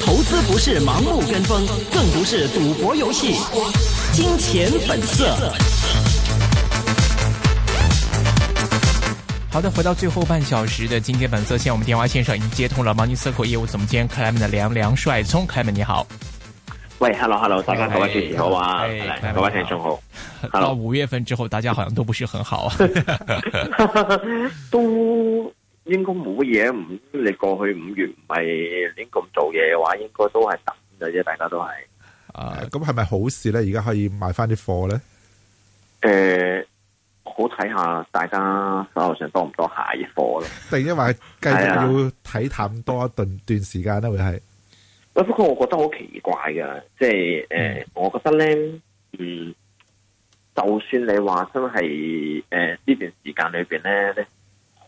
投資不是盲目跟風，更不是賭博遊戲。金錢本色。好的，回到最後半小時的金錢本色，現在我們電話線上已經接通了 Money Circle 業務總監克萊門的梁梁帥聰。克萊門你好。喂，Hello，Hello，大家好，我是杰尼，好 Hey, 啊。各位聽眾好。到五月份之後，大家好像都不是很好啊。都。 應該冇乜嘢，唔你過去五月唔係呢咁做嘢嘅話，應該都係等嘅啫。大家都係啊，咁係咪好事咧？而家可以賣翻啲貨咧？誒、呃，好睇下大家手上多唔多蟹貨啦。但因為繼續要睇淡多一段、啊、段時間啦，會係。喂，不過我覺得好奇怪嘅，即係誒，呃嗯、我覺得咧，嗯，就算你話真係誒呢段時間裏邊咧。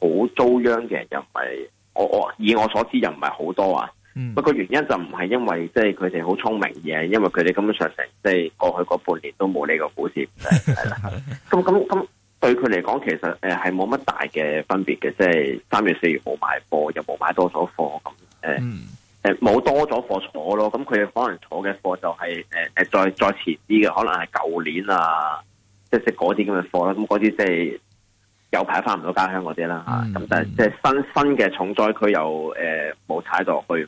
好遭殃嘅，又唔係我我以我所知又唔係好多啊，不過、嗯、原因就唔係因為即係佢哋好聰明嘅，因為佢哋根本上成即係過去嗰半年都冇呢個股市係啦，係咁咁咁對佢嚟講其實誒係冇乜大嘅分別嘅，即係三月四月冇買貨又冇買多咗貨咁誒誒冇多咗貨坐咯，咁佢哋可能坐嘅貨就係誒誒再再遲啲嘅，可能係舊年啊，即係嗰啲咁嘅貨啦，咁嗰啲即係。有排翻唔到家鄉嗰啲啦，嚇，咁但係即係新新嘅重災區又誒冇踩到落去，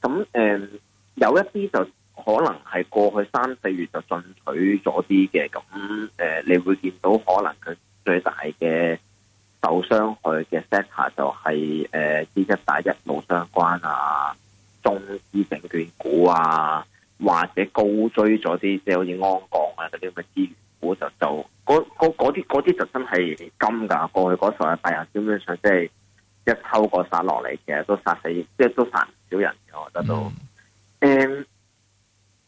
咁誒有一啲就可能係過去三四月就進取咗啲嘅，咁誒你會見到可能佢最大嘅受傷害嘅 sector 就係誒資質帶一路相關啊，中資證券股啊，或者高追咗啲即係好似安港啊嗰啲咁嘅資源。嗯、就嗰啲嗰啲就真係金噶，過去嗰十日、拜，日基本上即係一抽個殺落嚟，其實都殺死即係、就是、都殺唔少人嘅，我覺得都。誒、嗯，um,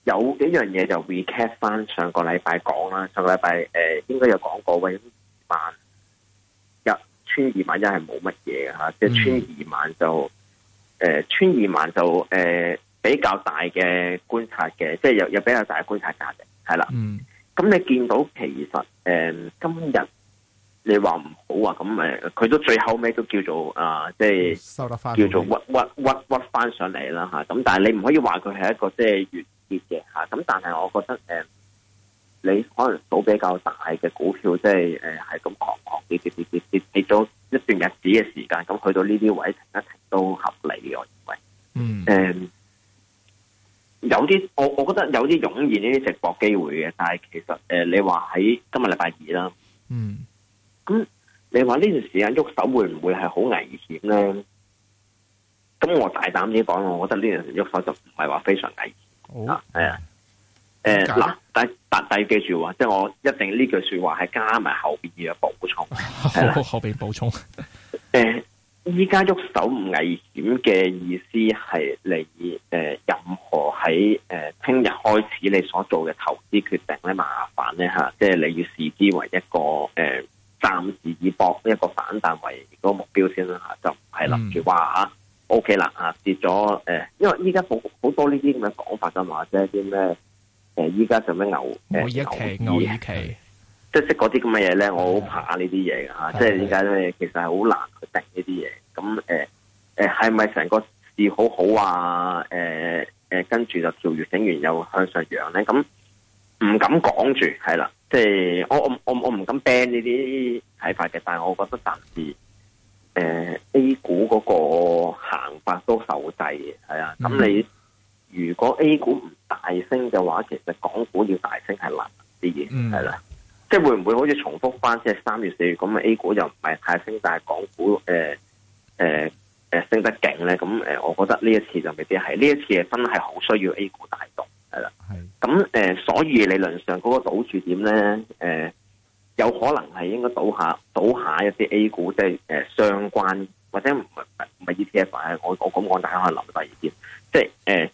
有幾樣嘢就 recap 翻上個禮拜講啦，上個禮拜誒、呃、應該有講過，萬一穿二萬一係冇乜嘢嘅吓，即係二、嗯、穿二萬就誒、呃、穿二萬就誒、呃、比較大嘅觀察嘅，即、就、係、是、有有比較大觀察價值係啦。咁你見到其實誒、嗯，今日你話唔好啊，咁誒，佢都最後尾都叫做啊，即、就、係、是、叫做屈屈屈屈翻上嚟啦吓。咁、啊、但係你唔可以話佢係一個即係完結嘅吓。咁、啊、但係我覺得誒、嗯，你可能股比較大嘅股票，即係誒，係咁狂狂跌跌跌跌跌咗一段日子嘅時間，咁去到呢啲位停一停都合理嘅，我認為。嗯。誒。有啲我我覺得有啲湧現呢啲直播機會嘅，但係其實誒、呃，你話喺今日禮拜二啦，嗯，咁、嗯、你話呢段時間喐手會唔會係好危險咧？咁我大膽啲講，我覺得呢段時間喐手就唔係話非常危險、哦、啊，係啊，誒、呃、嗱解、呃，但但但要記住話，即係我一定呢句說話係加埋後邊嘅補充，後後邊補充，誒、啊。 依家喐手唔危險嘅意思係你誒、呃、任何喺誒聽日開始你所做嘅投資決定咧，麻煩咧嚇，即係你要視之為一個誒、呃、暫時以搏，一個反彈為嗰個目標先啦嚇、啊，就唔係諗住話啊 OK 啦啊，跌咗誒、呃，因為依家好好多呢啲咁嘅講法啊嘛，即係啲咩誒依家就咩、是呃、牛？牛一期。即係識嗰啲咁嘅嘢咧，我好怕呢啲嘢㗎嚇。係即係點解咧？係其實係好難去定呢啲嘢。咁誒誒，係咪成個市好好啊？誒、呃、誒、呃，跟住就調整完又向上揚咧？咁唔敢講住係啦。即係我我我我唔敢 ban 呢啲睇法嘅。但係我覺得暫時誒、呃、A 股嗰個行法都受制嘅，係啊。咁你、嗯、如果 A 股唔大升嘅話，其實港股要大升係難啲嘅，係啦、嗯。係。即係會唔會好似重複翻即係三月四月咁啊？A 股又唔係太升，但係港股誒誒誒升得勁咧。咁誒，我覺得呢一次就未必係。呢一次係真係好需要 A 股大動係啦。咁誒的、呃，所以理論上嗰個賭注點咧，誒、呃，有可能係應該倒下倒下一啲 A 股，即係誒、呃、相關或者唔係唔係 E T F 我我咁講，大家可以諗第二啲，即係誒、呃，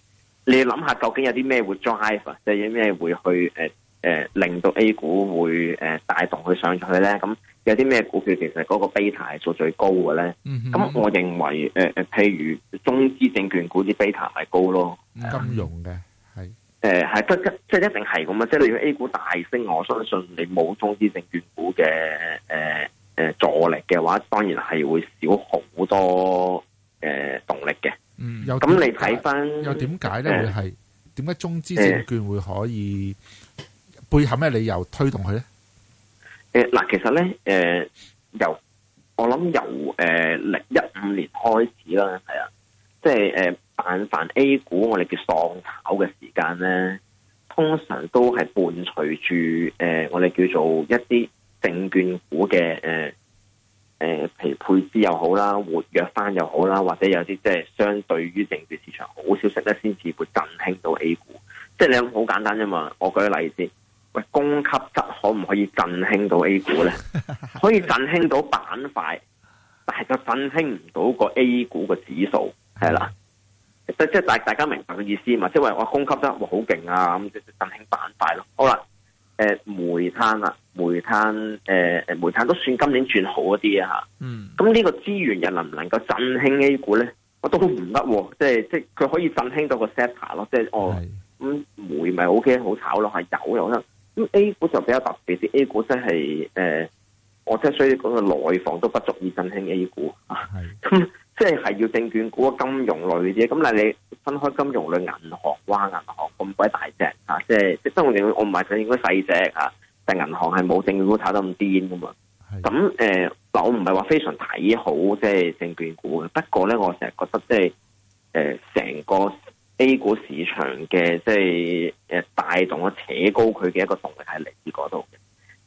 你諗下究竟有啲咩會 drive 啊，即係有咩會去誒。呃誒、呃，令到 A 股會誒帶、呃、動佢上去咧，咁有啲咩股票其實嗰個 Beta 係最高嘅咧？咁、嗯嗯、我認為誒誒、呃，譬如中資證券股啲 Beta 係高咯，金融嘅係誒係得即係一定係咁啊！即係你如果 A 股大升，我相信你冇中資證券股嘅誒誒助力嘅話，當然係會少好多誒、呃、動力嘅。咁你睇翻又點解咧？會係點解、呃、中資證券會可以？背後咩理由推動佢咧？誒，嗱，其實咧，誒、呃，由我諗由誒零一五年開始啦，係啊，即係誒，但、呃、凡 A 股我哋叫喪炒嘅時間咧，通常都係伴隨住誒我哋叫做一啲證券股嘅誒誒，譬如配置又好啦，活躍翻又好啦，或者有啲即係相對於證券市場好消息咧，先至會振興到 A 股。即、就、係、是、你好簡單啫嘛，我舉個例子。供給質可唔可以振興到 A 股咧？ 可以振興到板塊，但係佢振興唔到個 A 股嘅指數係啦。即即大大家明白個意思嘛？即話我供給質好勁啊，咁即即振興板塊咯。好啦，誒、呃、煤炭啊，煤炭誒誒煤炭都算今年轉好一啲啊吓。咁呢、嗯、個資源又能唔能夠振興 A 股咧？我都唔得，即是即佢可以振興到個 sector、哦、sector 咯，即哦咁煤咪 OK 好炒咯，係油又得。咁 A 股就比較特別啲，A 股真係誒，我真係需要講個內房都不足以振興的 A 股啊。係的，咁即係係要證券股金融類啲。咁但係你分開金融類銀行哇，銀行咁鬼大隻啊，即係即係當然我唔係想應該細隻啊，但、就、係、是、銀行係冇證券股炒得咁癲噶嘛。咁誒的，嗱、呃、我唔係話非常睇好即係證券股嘅，不過咧我成日覺得即係誒成個。A 股市場嘅即係誒帶動扯高佢嘅一個動力係嚟自嗰度嘅，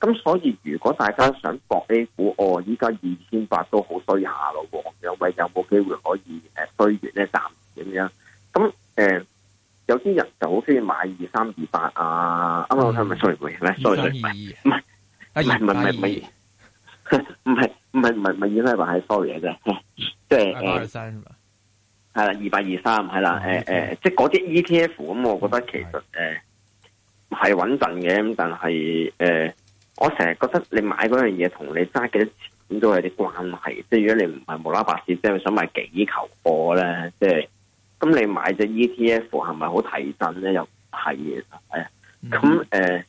咁所以如果大家想搏 A 股，哦依家二千八都好衰下咯，有位有冇機會可以誒衰完咧？暫時點樣？咁誒有啲人就好中意買二三二八啊，啱啱我咪唔係 sorry 嘅，唔係衰衰唔係唔係唔係唔係唔係二三二八係 sorry 嘅啫，即係係啦，二百二三係啦，誒誒，即係嗰隻 E T F，咁我覺得其實誒係穩陣嘅，咁、呃、但係誒、呃，我成日覺得你買嗰樣嘢同你揸幾多錢都係啲關係，即係如果你唔係無啦白事，即係想買幾球貨咧，即係，咁你買隻 E T F 係咪好提震咧？又係誒，咁誒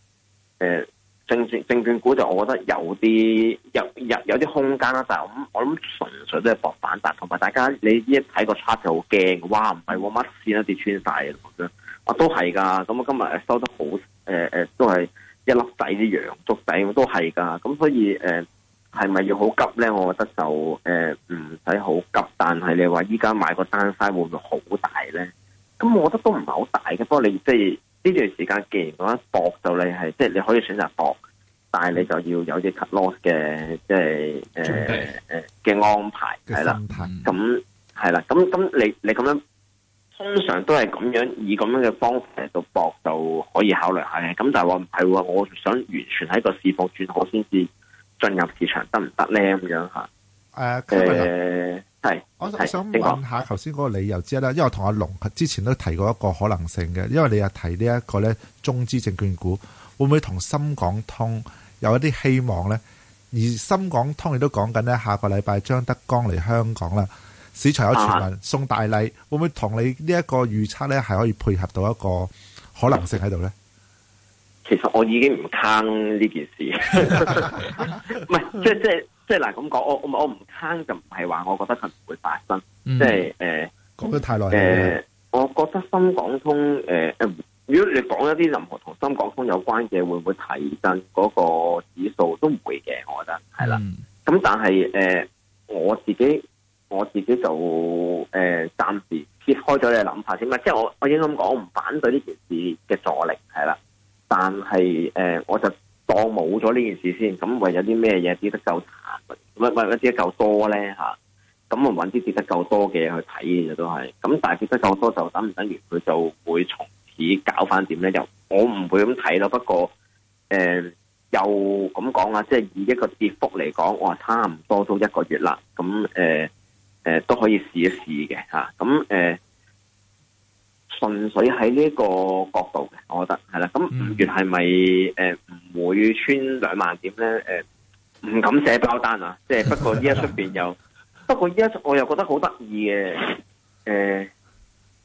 誒。證券證券股就我覺得有啲有有啲空間啦，就是，但係我諗純粹都係搏反彈，同埋大家你一睇個 chart 就好驚，哇唔係喎，乜線都跌穿晒咁樣，啊都係噶，咁啊今日收得好誒誒，都係一粒仔啲陽燭仔，都係噶，咁所以誒係咪要好急咧？我覺得就誒唔使好急，但係你話依家買個單 size 會唔會好大咧？咁我覺得都唔係好大嘅，不過你即係。就是呢段時間，既然講搏到你係，即係你可以選擇搏，但係你就要有啲 cut loss 嘅，即係誒誒嘅安排，係啦。咁係啦，咁咁你你咁樣通常都係咁樣以咁樣嘅方式嚟到搏，就可以考慮下嘅。咁但係我唔係話我想完全喺個市況轉好先至進入市場得唔得咧？咁樣嚇誒誒。Uh, okay. 呃係，我就想問下頭先嗰個理由之一啦，因為我同阿龍之前都提過一個可能性嘅。因為你又提呢一個咧，中資證券股會唔會同深港通有一啲希望咧？而深港通亦都講緊咧，下個禮拜張德江嚟香港啦，市場有傳聞，啊、送大禮會唔會同你呢一個預測咧，係可以配合到一個可能性喺度咧？其實我已經唔坑呢件事，唔係即係即係。就是即係嗱，咁講，我我我唔坑就唔係話，我覺得佢唔會發生。即係誒，講得、就是呃、太耐。誒、呃，我覺得深港通誒、呃，如果你講一啲任何同深港通有關嘅，會唔會提振嗰個指數？都唔會嘅，我覺得係啦。咁、嗯、但係誒、呃，我自己我自己就誒，暫、呃、時撇開咗你嘅諗法先啦。即、就、係、是、我我應該咁講，我唔反對呢件事嘅助力係啦。但係誒、呃，我就。我冇咗呢件事先，咁為有啲咩嘢跌得夠慘，唔係唔係跌得夠多咧嚇，咁啊揾啲跌得夠多嘅去睇嘅都係，咁但係跌得夠多就等唔等於佢就會從此搞翻點咧？又我唔會咁睇咯，不過誒、呃、又咁講啊，即係以一個跌幅嚟講，我話差唔多都一個月啦，咁誒、呃呃、都可以試一試嘅嚇，咁誒。啊呃純粹喺呢個角度嘅，我覺得係啦。咁五月係咪誒唔會穿兩萬點咧？誒、呃，唔敢寫包單啊！即係不過依一出邊又，不過依一，有不過這一我又覺得好得意嘅。誒、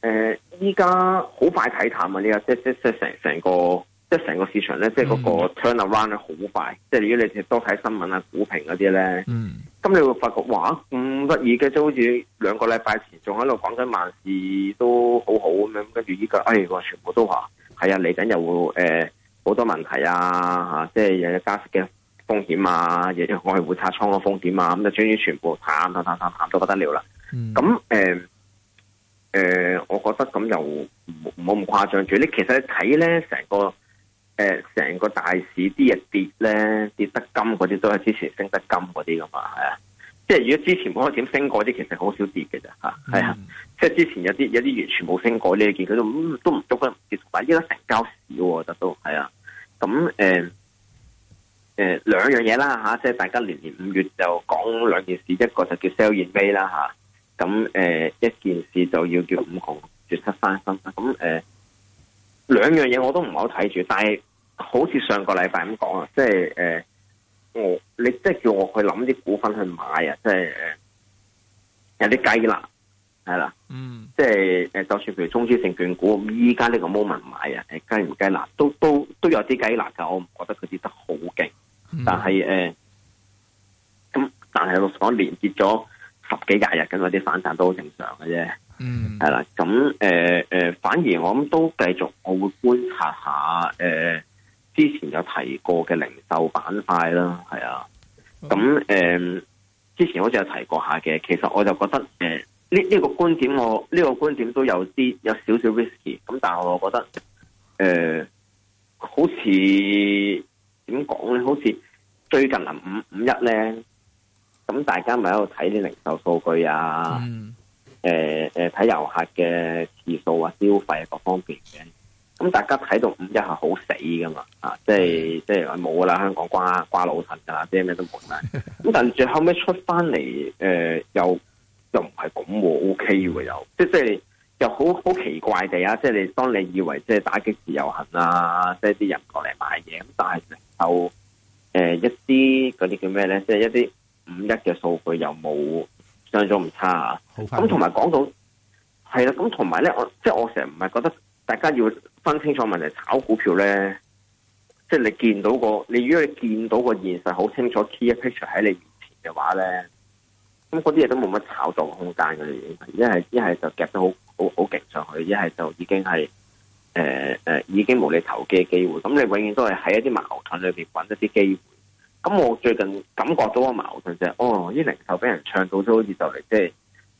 呃、誒，依家好快睇淡啊！呢個即即即成成個即成個市場咧，即嗰個 turn around 得好快。嗯、即係如果你哋多睇新聞啊、股評嗰啲咧。嗯咁你會發覺哇咁得意嘅，即係好似兩個禮拜前仲喺度講緊萬事都好好咁樣，跟住依家，哎，我全部都話係啊，嚟緊又會誒好、呃、多問題啊，吓、啊、即係又有加息嘅風險啊，嘢嘢我係會拆倉嘅風險啊，咁就終於全部淡淡淡淡淡到不得了啦。咁誒誒，我覺得咁又唔好咁誇張住。你其實睇咧成個。誒，成、呃、個大市啲嘢跌咧，跌得金嗰啲都係之前升得金嗰啲噶嘛，係啊。即係如果之前冇開點升過啲，其實好少跌嘅啫吓，係啊。Mm hmm. 即係之前有啲有啲完全冇升過呢件，佢都都唔郁得唔跌。但依家成交少，覺得都係啊。咁誒，誒、呃、兩、呃、樣嘢啦吓，即係大家連年年五月就講兩件事，一個就叫 sell in May 啦、啊、吓，咁誒、呃、一件事就要叫五窮絕七翻身咁誒，兩、呃、樣嘢我都唔係好睇住，但係。好似上個禮拜咁講啊，即係誒、呃，我你即係叫我去諗啲股份去買啊，即係誒，有啲雞肋係啦，嗯，即係誒，就算譬如中資證券股，依家呢個 moment 買啊，係雞唔雞肋，都都都有啲雞肋噶，我唔覺得佢跌得好勁、嗯呃，但係誒，咁但係六十一連跌咗十幾廿日咁，啲反彈都好正常嘅啫，嗯，係啦，咁誒誒，反而我諗都繼續我會觀察下誒。呃之前有提過嘅零售板塊啦，係啊，咁誒、嗯，之前好似有提過一下嘅，其實我就覺得誒，呢、呃、呢、這個觀點我呢、這個觀點都有啲有少少 risk，咁但係我覺得誒、呃，好似點講咧，好似最近啊，五五一咧，咁大家咪喺度睇啲零售數據啊，誒誒、嗯，睇遊、呃呃、客嘅次數啊，消費啊，各方面嘅。咁大家睇到五一係好死噶嘛？啊，即係即係冇噶啦，香港瓜瓜老臣噶啦，即咩都冇啦。咁 但係最後尾出翻嚟，誒、呃、又又唔係咁喎，OK 喎又，即係即係又好好奇怪地啊！即係你當你以為即係打擊自由行啦、啊，即係啲人過嚟買嘢，咁但係受誒一啲嗰啲叫咩咧？即係一啲五一嘅數據又冇相中唔差啊！咁同埋講到係啦，咁同埋咧，即係我成日唔係覺得。大家要分清楚問題，炒股票咧，即係你見到個，你如果見到個現實好清楚，key picture 喺你面前嘅話咧，咁嗰啲嘢都冇乜炒到空間嘅嘢。一係一係就夾到好好勁上去，一係就已經係、呃、已經冇你投機嘅機會。咁你永遠都係喺一啲矛盾裏邊揾一啲機會。咁我最近感覺到個矛盾就係、是，哦，啲零售俾人唱到都好似就係即係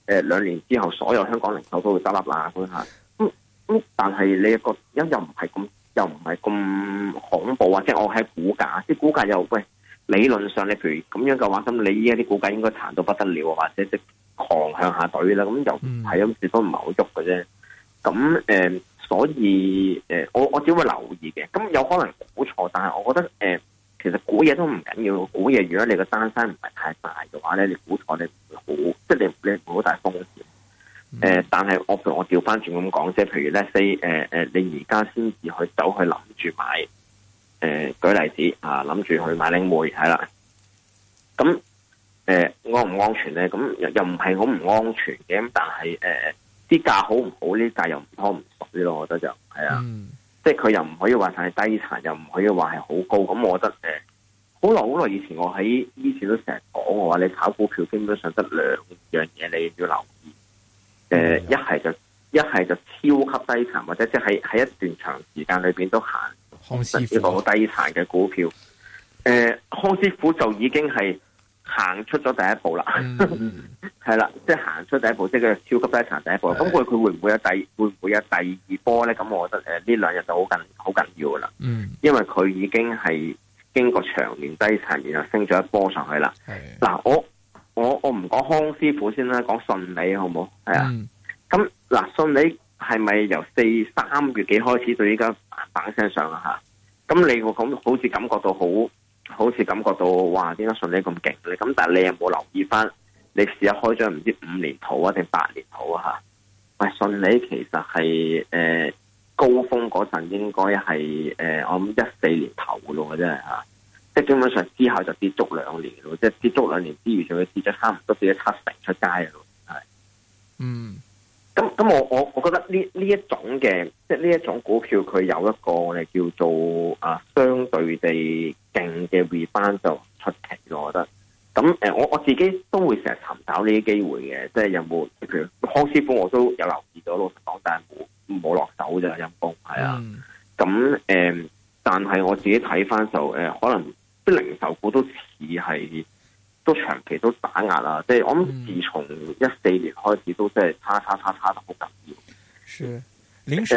呃、兩年之後，所有香港零售都會執笠啦咁咁但係你覺得又音又唔係咁，又唔係咁恐怖，或者我喺股價，啲股價又喂，理論上你譬如咁樣嘅話，咁你依家啲股價應該彈到不得了，或者即狂向下懟啦。咁又唔係，咁始都唔係好喐嘅啫。咁、呃、誒，所以誒、呃，我我只會留意嘅。咁有可能估錯，但係我覺得誒、呃，其實估嘢都唔緊要。估嘢如果你個單身唔係太大嘅話咧，你估錯你好，即係你好你，你好大風誒、呃，但係我我調翻轉咁講啫，譬如咧，say，誒誒，你而家先至去走去諗住買，誒、呃，舉例子啊，諗住去買領匯係啦，咁誒、嗯呃、安唔安全咧？咁、嗯、又唔係好唔安全嘅，咁但係誒啲價好唔好咧？價又唔通唔熟啲咯，我覺得就係啊，嗯、即係佢又唔可以話係低殘，又唔可以話係好高。咁、嗯、我覺得誒，好耐好耐以前我喺呢次都成日講嘅話，你炒股票基本上得兩樣嘢，你要留意。誒，一係、嗯呃、就一係就超級低殘，或者即係喺喺一段長時間裏邊都行，甚至一個好低殘嘅股票。誒、呃，康師傅就已經係行出咗第一步啦，係啦、嗯，即係、 就是、行出第一步，即、就、係、是、超級低殘第一步。咁佢佢會唔會有第會唔會有第二波咧？咁我覺得誒呢兩日就好緊好緊要啦。嗯，因為佢已經係經過長年低殘，然後升咗一波上去啦。係嗱的我。我我唔講康師傅先啦，講順利好冇係啊？咁嗱、嗯，順利係咪由四三月幾開始到依家嘭一聲上啊？吓？咁你會咁好似感覺到好，好似感覺到哇！點解順利咁勁咧？咁但係你有冇留意翻，你試一開張唔知五年頭啊定八年頭啊吓？喂，順利其實係誒、呃、高峰嗰陣應該係誒我諗一四年頭咯，我真係吓。即係基本上之後就跌足兩年咯，即係跌足兩年之餘，仲要跌咗差唔多跌咗七成出街咯，係，嗯，咁咁我我我覺得呢呢一,一種嘅，即係呢一種股票，佢有一個咧叫做啊相對地勁嘅 rebound 就唔出奇咯，我覺得。咁誒，我我自己都會成日尋找呢啲機會嘅，即係有冇譬如康師傅，我都有留意咗，老實講，但係冇落手就陰功，係啊。咁誒、嗯嗯，但係我自己睇翻就誒，可能。啲零售股都似係都長期都打壓啦，即係我諗自從一四年開始都即係差差差差得好緊要。是，零售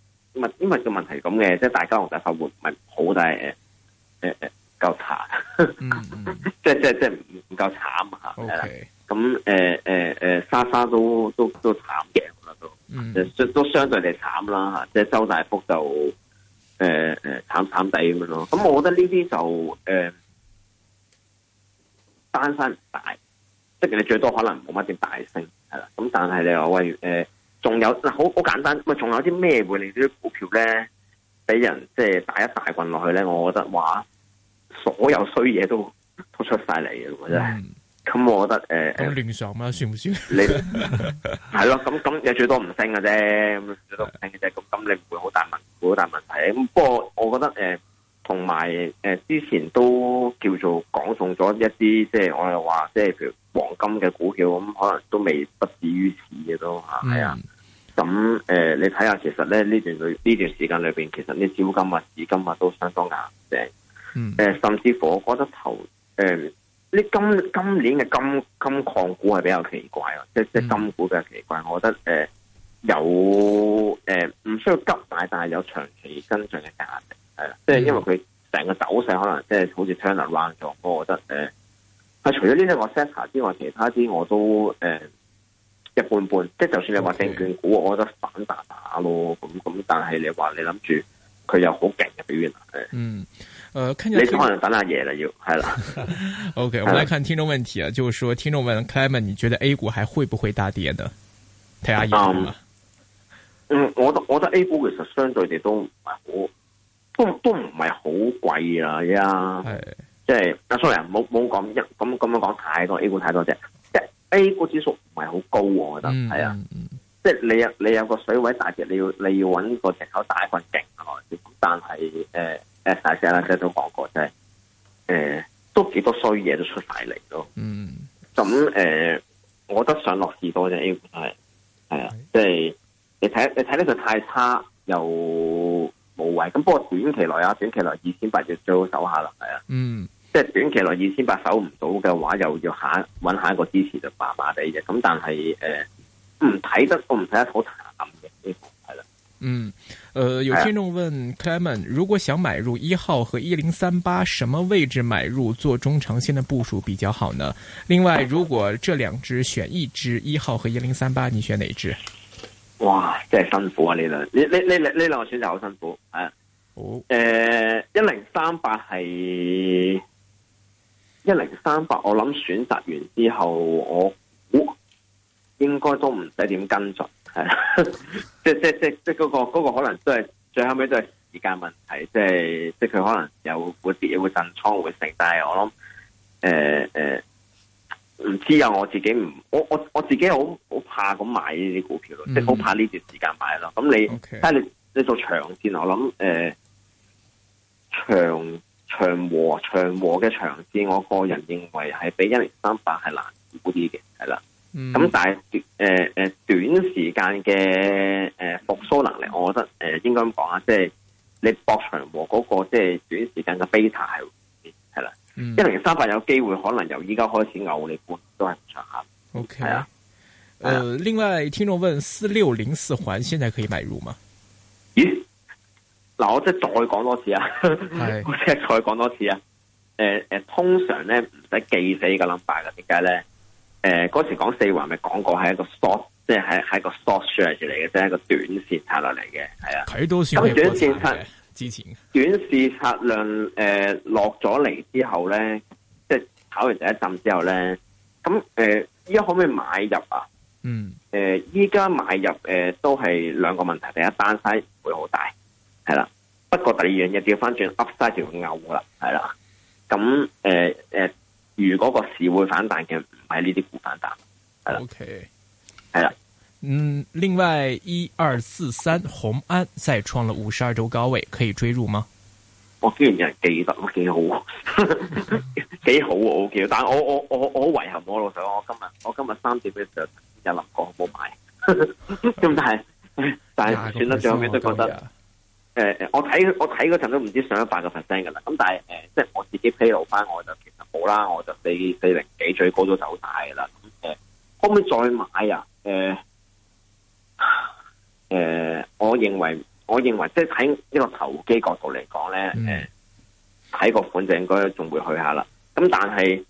因因為個問題咁嘅，即係大家同大發活唔係好大誒誒誒夠慘，即係即係即係唔夠慘吓。咁誒誒誒，莎莎都都都慘嘅啦都，我覺得都，都，、mm hmm. 都相對嚟慘啦吓。即係周大福就誒誒慘慘地咁樣咯。咁、呃、我覺得呢啲就誒、呃、單身唔大，即係你最多可能冇乜點大聲係啦。咁但係你話喂誒。仲有好好簡單，咪仲有啲咩會令啲股票咧俾人即係打一大棍落去咧？我覺得話所有衰嘢都都出晒嚟嘅真係。咁、嗯、我覺得誒，咁、呃、亂上嗎？算唔算？你係咯，咁咁你最多唔升嘅啫，最多唔升嘅啫。咁咁的你唔會好大問，好大問題啊。咁不過我覺得誒，同埋誒之前都叫做講中咗一啲，即、就、係、是、我又話，即係譬如。黃金嘅股票咁，可能都未不止於此嘅都吓，係啊。咁誒、mm. 呃，你睇下，其實咧呢段裏呢段時間裏邊，其實呢金物、紙金物都相當硬淨誒、mm. 呃，甚至乎，我覺得誒，呢、呃、今今年嘅金金礦股係比較奇怪啊，mm. 即即金股嘅奇怪，我覺得誒、呃、有誒唔、呃、需要急大，但係有長期跟進嘅價值，係即係因為佢成個走勢可能即係好似 turn around 咗，我覺得誒。呃係除咗呢兩個 set 啊之外，其他啲我都誒、呃、一般般，即係就算你話證券股，Okay. 我覺得反打打咯，咁咁但係你話你諗住佢又好勁嘅表現，嗯，誒、呃，這個、你可能等下嘢啦要係 啦。OK，我哋嚟看聽眾問題啊，是啦就係說聽眾問 Clement，你覺得 A 股還會不會大跌呢？睇下阿嗯，我覺得我覺得 A 股其實相對地都唔係好，都都唔係好貴啊，而家。哎即係啊，sorry 啊，冇冇講一咁咁樣講太多 A 股太多隻，即係 A 股指數唔係好高，我覺得係、嗯、啊，即係你有你有個水位大跌，你要你要揾個借口打一個勁，但係誒 S、大師都講過即係誒，都幾多衰嘢都出晒嚟咯，咁誒、嗯嗯嗯，我覺得上落市多啫，A 股係係啊，即係的的你睇你睇呢個太差又冇謂，咁不過短期內啊，短期內二千八只最好手下啦，係啊，嗯。即係短期內二千八守唔到嘅話，又要下揾下一個支持就麻麻地嘅。咁但係誒，唔、呃、睇得，我唔睇得好淡嘅。呢個係喇嗯，誒、呃，嗯呃、有聽眾問、哎、呀 Clement，如果想買入一號和一零三八，什麼位置買入做中長線嘅部署比較好呢？另外，如果這兩隻選一隻，一號和一零三八，你選哪隻？哇，真係辛苦啊！呢兩呢呢呢兩個選擇好辛苦。係啊。好、哦。誒、呃，一零三八係。一零三八，300, 我諗選擇完之後，我我、哦、應該都唔使點跟進，係即即即即嗰個、嗰個可能都係最後尾，都係時間問題，即係、即係即係佢可能有會自己會震倉會升，但係我諗誒誒唔知啊，我自己唔我我我自己好好怕咁買呢啲股票咯，即係好怕呢段時間買咯。咁你睇 Okay. 你你做長線，我諗誒、呃、長。長和長和嘅長線，我個人認為係比一零三八係難估啲嘅，係啦。咁、嗯、但係短誒誒，短時間嘅誒復蘇能力，我覺得誒、呃、應該咁講啊，即、就、係、是、你博長和嗰、那個即係、就是、短時間嘅 beta 係係啦，一零三八有機會可能由依家開始牛，你估都係唔長下。O K 係啊，誒的，另外聽眾問：四六零四環現在可以買入嗎？咦？Yeah? 嗱，我即係再講多次啊 我即係再講多次啊！誒誒，通常咧唔使記死個 number 嘅，點解咧？誒、呃，嗰時講四環咪講過係一個 short，即係喺喺個 short share 嚟嘅啫，一個短線策略嚟嘅，係啊。咁短線策略之前，短線策略誒落咗嚟之後咧，即係炒完第一陣之後咧，咁誒依家可唔可以買入啊？嗯、呃，誒依家買入誒、呃、都係兩個問題，第一單 size 會好大。係啦，不過第二樣嘢調翻轉 Upside 就會 out 噶啦，係啦。咁誒誒，如果個市會反彈嘅唔係呢啲股份打。O K，係啦，Okay. 的嗯，另外一二四三宏安再創了五十二周高位，可以追入嗎？我居然有人記得，哇、啊，幾 好，幾好，我 O K、啊。但係我我我我遺憾我、啊、老實，我今日我今日三點嘅時候有諗過冇買，咁 但係是的但係算得最後尾都覺得。誒誒、呃，我睇我睇嗰陣都唔知上一百個 percent 噶啦，咁但係誒、呃，即係我自己披露翻我就其實好啦，我就四四零幾最高都走晒噶啦。誒、呃，可唔可以再買啊？誒、呃、誒、呃，我認為我認為即係喺呢個投機角度嚟講咧，誒、呃，睇、嗯、個盤就應該仲會去一下啦。咁但係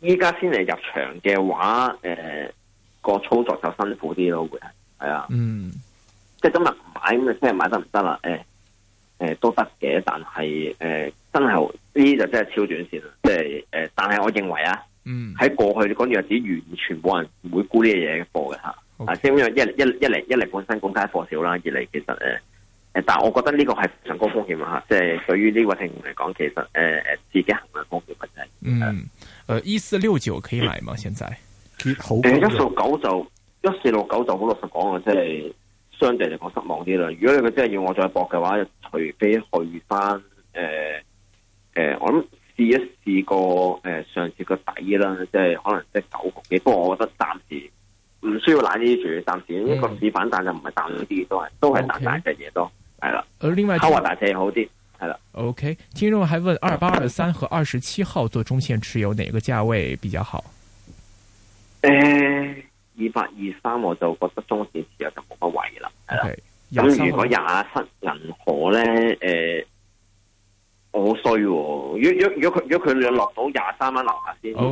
依家先嚟入場嘅話，誒、呃、個操作就辛苦啲咯，會係啊。嗯。即係今日唔買，咁你即係買得唔得啦？誒、欸、誒、欸，都得嘅，但係誒真係呢就真係超短線啦。即係誒、欸，但係我認為啊，嗯，喺過去嗰段日子完全冇人唔會估呢嘢嘅貨嘅吓。即係 Okay. 一一一嚟，一嚟本身股街貨少啦，二嚟其實誒誒、欸，但係我覺得呢個係上高風險吓。即係對於呢個聽眾嚟講，其實誒誒、欸、自己行嘅風險問題。嗯，誒一四六九可以買嗎？嗯、現在誒一四六九就一四六九就好老實講啊，即係。相對嚟講失望啲啦，如果佢真係要我再搏嘅話，除非去翻誒誒，我諗試一試個誒、呃、上次個底啦，即係可能即係九個幾。不過我覺得暫時唔需要攋呢住，暫時呢個市反彈就唔係賺咗啲嘢，都係都係大嘅嘢多。係啦 Okay. 的，另外拋或大隻好啲。係啦，OK。聽眾還問二八二三和二十七號做中線持有哪個價位比較好？誒、欸。二八二三，我就覺得中線持有就冇乜位啦，係啦 Okay.、嗯。咁如果廿七銀河咧，誒、嗯呃，我好衰喎如果如果如果佢，如果佢落到廿三蚊樓下先。Okay.